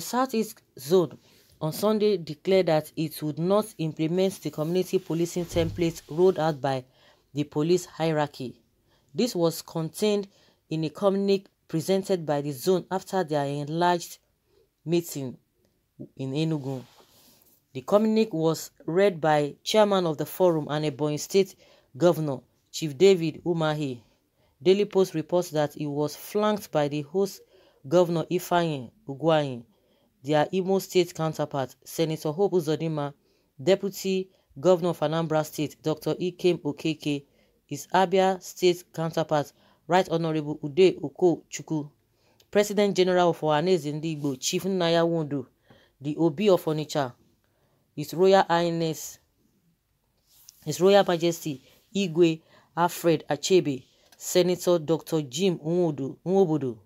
The Southeast Zone on Sunday declared that it would not implement the community policing template rolled out by the police hierarchy. This was contained in a communique presented by the zone after their enlarged meeting in Enugu. The communique was read by chairman of the forum and Ebonyi State Governor Chief David Umahi. Daily Post reports that he was flanked by the host Governor Ifeanyi Ugwayin their Imo State counterpart, Senator Hope Uzodinma, Deputy Governor of Anambra State, Dr. Ikem Okeke, his Abia State counterpart, Right Honourable Ude Oko Chuku, President General of Ohanese Ndigbo, Chief Naya Wondo, the Obi of Onitsha, His Royal Highness, His Royal Majesty Igwe Alfred Achebe, Senator Dr. Jim Nwobodo,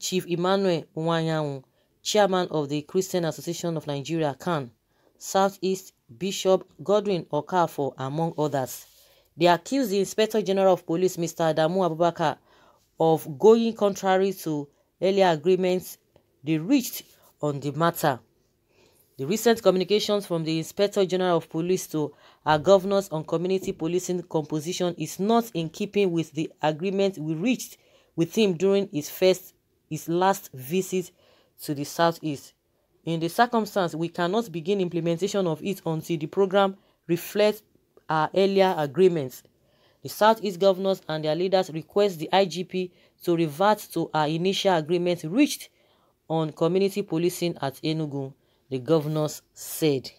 Chief Emmanuel Nwanyanwu, chairman of the Christian Association of Nigeria, CAN, Southeast Bishop Godwin Okafor, among others. They accused the Inspector General of Police, Mr. Adamu Abubakar, of going contrary to earlier agreements they reached on the matter. The recent communications from the Inspector General of Police to our governors on community policing composition is not in keeping with the agreement we reached with him during his first his last visit to the southeast. In the circumstance, we cannot begin implementation of it until the program reflects our earlier agreements. The southeast governors and their leaders request the IGP to revert to our initial agreement reached on community policing at Enugu, the governors said.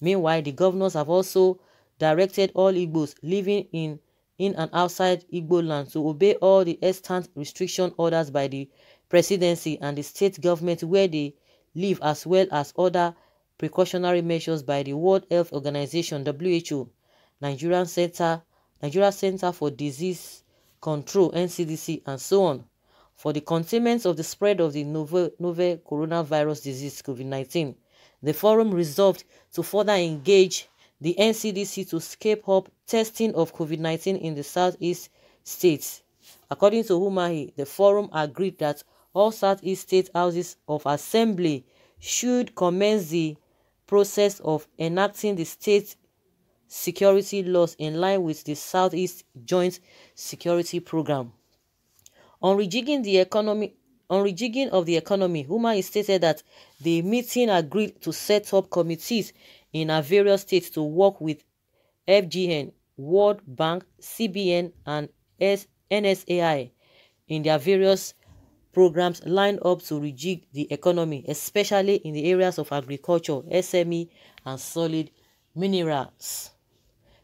Meanwhile, the governors have also directed all Igbos living in in and outside Igbo land to obey all the extant restriction orders by the presidency and the state government where they live as well as other precautionary measures by the World Health Organization WHO, Nigerian Center, Nigeria Center for Disease Control NCDC and so on for the containment of the spread of the novel, novel coronavirus disease COVID-19. The forum resolved to further engage the NCDC to scape up testing of COVID-19 in the southeast states. According to Humahi, the forum agreed that all Southeast state houses of assembly should commence the process of enacting the state security laws in line with the Southeast Joint Security Program. On rejigging the economy, on rejigging of the economy, Huma stated that the meeting agreed to set up committees in our various states to work with FGN, World Bank, CBN, and NSAI in their various programs lined up to rejig the economy, especially in the areas of agriculture, SME, and solid minerals.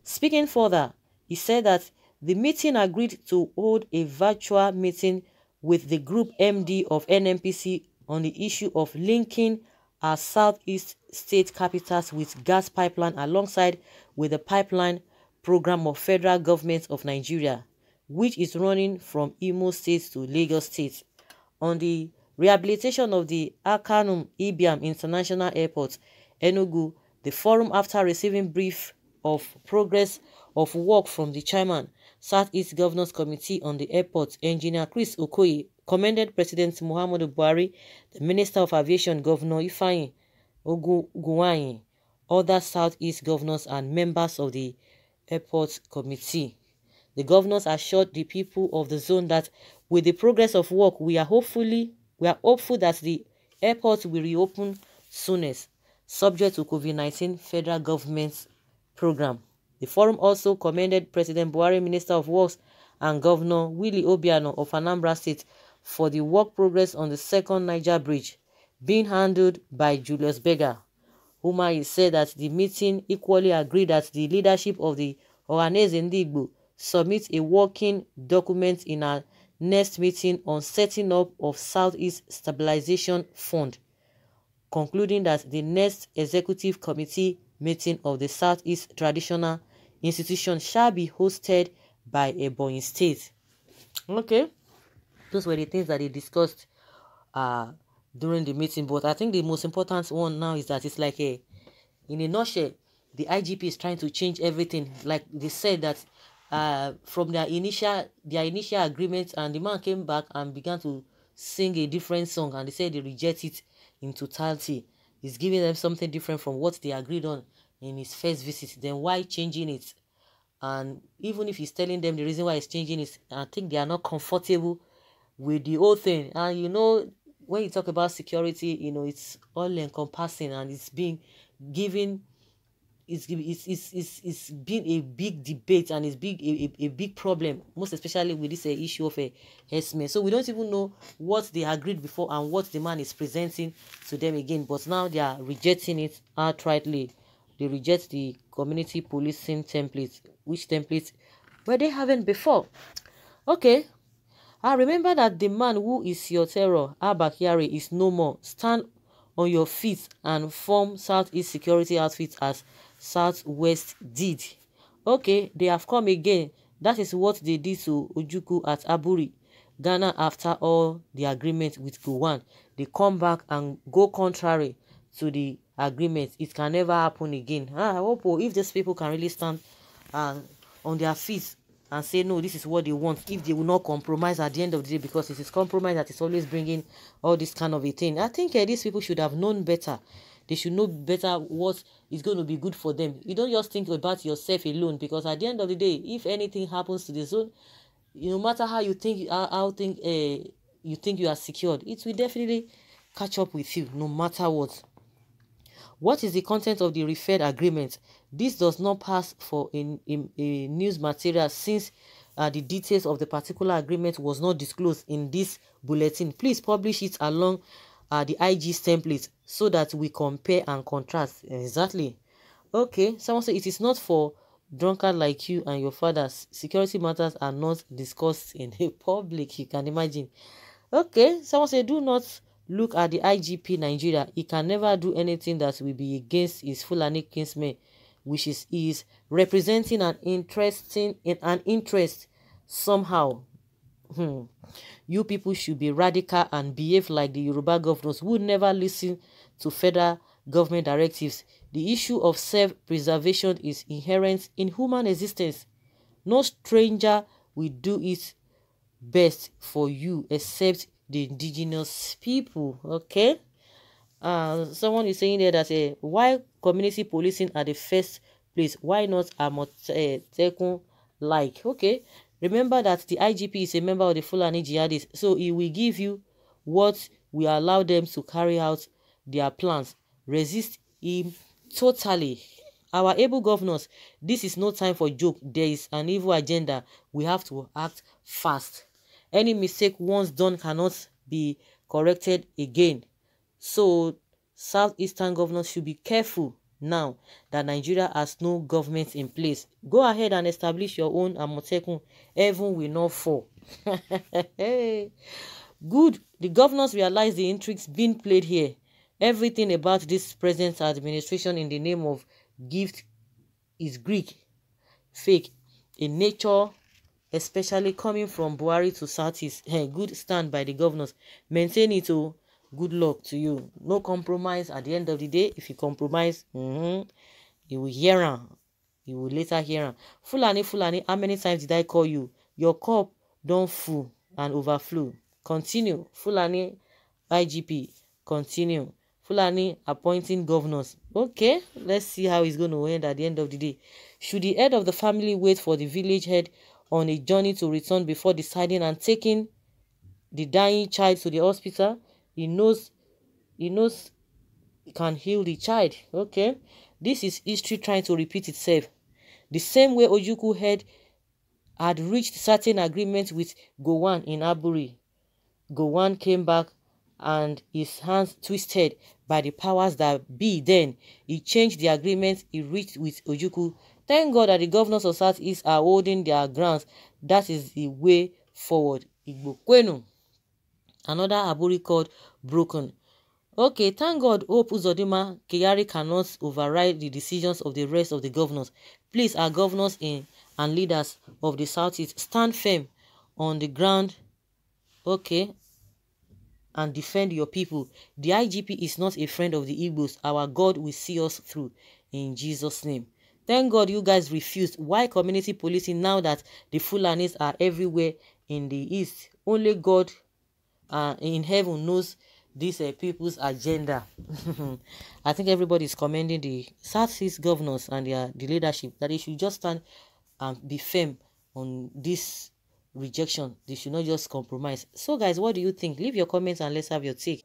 Speaking further, he said that the meeting agreed to hold a virtual meeting with the group MD of NMPC on the issue of linking our southeast state capitals with gas pipeline alongside with the pipeline program of federal government of Nigeria, which is running from Imo State to Lagos State on the rehabilitation of the Akanum Ibiam International Airport, Enugu, the forum after receiving brief of progress of work from the chairman, Southeast Governors Committee on the Airport, Engineer Chris Okoye, commended President Muhammadu Buhari, the Minister of Aviation, Governor Ifeanyi Oguguwanyi, other Southeast governors and members of the Airport Committee. The governors assured the people of the zone that with the progress of work, we are hopefully we are hopeful that the airport will reopen soonest, subject to COVID-19 federal government's program. The forum also commended President Buhari, Minister of Works, and Governor Willie Obiano of Anambra State for the work progress on the second Niger Bridge being handled by Julius Bega. Whom Umar said that the meeting equally agreed that the leadership of the Oranese Ndigbo a working document in a next meeting on setting up of Southeast Stabilization Fund, concluding that the next Executive Committee meeting of the Southeast Traditional Institution shall be hosted by a Ebonyi State. Okay, those were the things that they discussed uh, during the meeting, but I think the most important one now is that it's like a, in a nutshell, the IGP is trying to change everything. Like they said that uh, from their initial their initial agreement and the man came back and began to sing a different song and they said they reject it in totality he's giving them something different from what they agreed on in his first visit then why changing it and even if he's telling them the reason why he's changing is i think they are not comfortable with the whole thing and you know when you talk about security you know it's all encompassing and it's being given it's, it's, it's, it's been a big debate and it's big a, a, a big problem, most especially with this uh, issue of a uh, eh, So we don't even know what they agreed before and what the man is presenting to them again. But now they are rejecting it outrightly. They reject the community policing template, which template where they haven't before. Okay. I remember that the man who is your terror, Abakari, is no more. Stand on your feet and form Southeast Security Outfit as southwest did. Okay, they have come again. That is what they did to Ojuku at Aburi, Ghana after all the agreement with Gwan, They come back and go contrary to the agreement. It can never happen again. Ah, I hope oh, if these people can really stand uh, on their feet and say no this is what they want if they will not compromise at the end of the day because it is compromise that is always bringing all this kind of a thing i think uh, these people should have known better they should know better what is going to be good for them. You don't just think about yourself alone because at the end of the day, if anything happens to the zone, no matter how you think how, how think uh, you think you are secured, it will definitely catch up with you no matter what. What is the content of the referred agreement? This does not pass for in, in, in news material since uh, the details of the particular agreement was not disclosed in this bulletin. Please publish it along are uh, the IG's templates so that we compare and contrast. Exactly. Okay, someone said it is not for drunkard like you and your fathers. Security matters are not discussed in the public, you can imagine. Okay, someone said do not look at the IGP Nigeria. He can never do anything that will be against his Fulani kinsmen, which is, is representing an interesting an interest somehow Hmm. You people should be radical and behave like the Yoruba governors who never listen to federal government directives. The issue of self-preservation is inherent in human existence. No stranger will do it best for you except the indigenous people. Okay? Uh, someone is saying there that uh, why community policing at the first place? Why not Amotekun? Uh, like okay Remember that the IGP is a member of the Fulani jihadists, so he will give you what we allow them to carry out their plans. Resist him totally. Our able governors, this is no time for joke. There is an evil agenda. We have to act fast. Any mistake once done cannot be corrected again. So, Southeastern governors should be careful now that Nigeria has no government in place. Go ahead and establish your own Amotekun. Heaven will not fall. Good. The governors realize the intrigues being played here. Everything about this present administration in the name of gift is Greek, fake, in nature, especially coming from Buhari to Satis. Hey, good stand by the governors. Maintain it all. Oh good luck to you no compromise at the end of the day if you compromise mm-hmm, you will hear her. you will later hear her. fulani fulani how many times did i call you your cup don't full and overflow continue fulani igp continue fulani appointing governors okay let's see how it's going to end at the end of the day should the head of the family wait for the village head on a journey to return before deciding and taking the dying child to the hospital he knows, he knows he can heal the child. Okay. This is history trying to repeat itself. The same way Ojuku had had reached certain agreements with Gowan in Aburi. Gowan came back and his hands twisted by the powers that be then. He changed the agreement he reached with Ojuku. Thank God that the governors of South East are holding their grounds. That is the way forward. Igbo Kwenu another Aburi called Broken. Okay, thank God Hope Uzodima Kiyari cannot override the decisions of the rest of the governors. Please, our governors in, and leaders of the Southeast stand firm on the ground, okay, and defend your people. The IGP is not a friend of the Igbos. Our God will see us through in Jesus' name. Thank God you guys refused. Why community policing now that the Fulanis are everywhere in the East? Only God uh, in heaven knows these uh, people's agenda. I think everybody is commending the South Seas governors and their the leadership that they should just stand and be firm on this rejection. They should not just compromise. So, guys, what do you think? Leave your comments and let's have your take.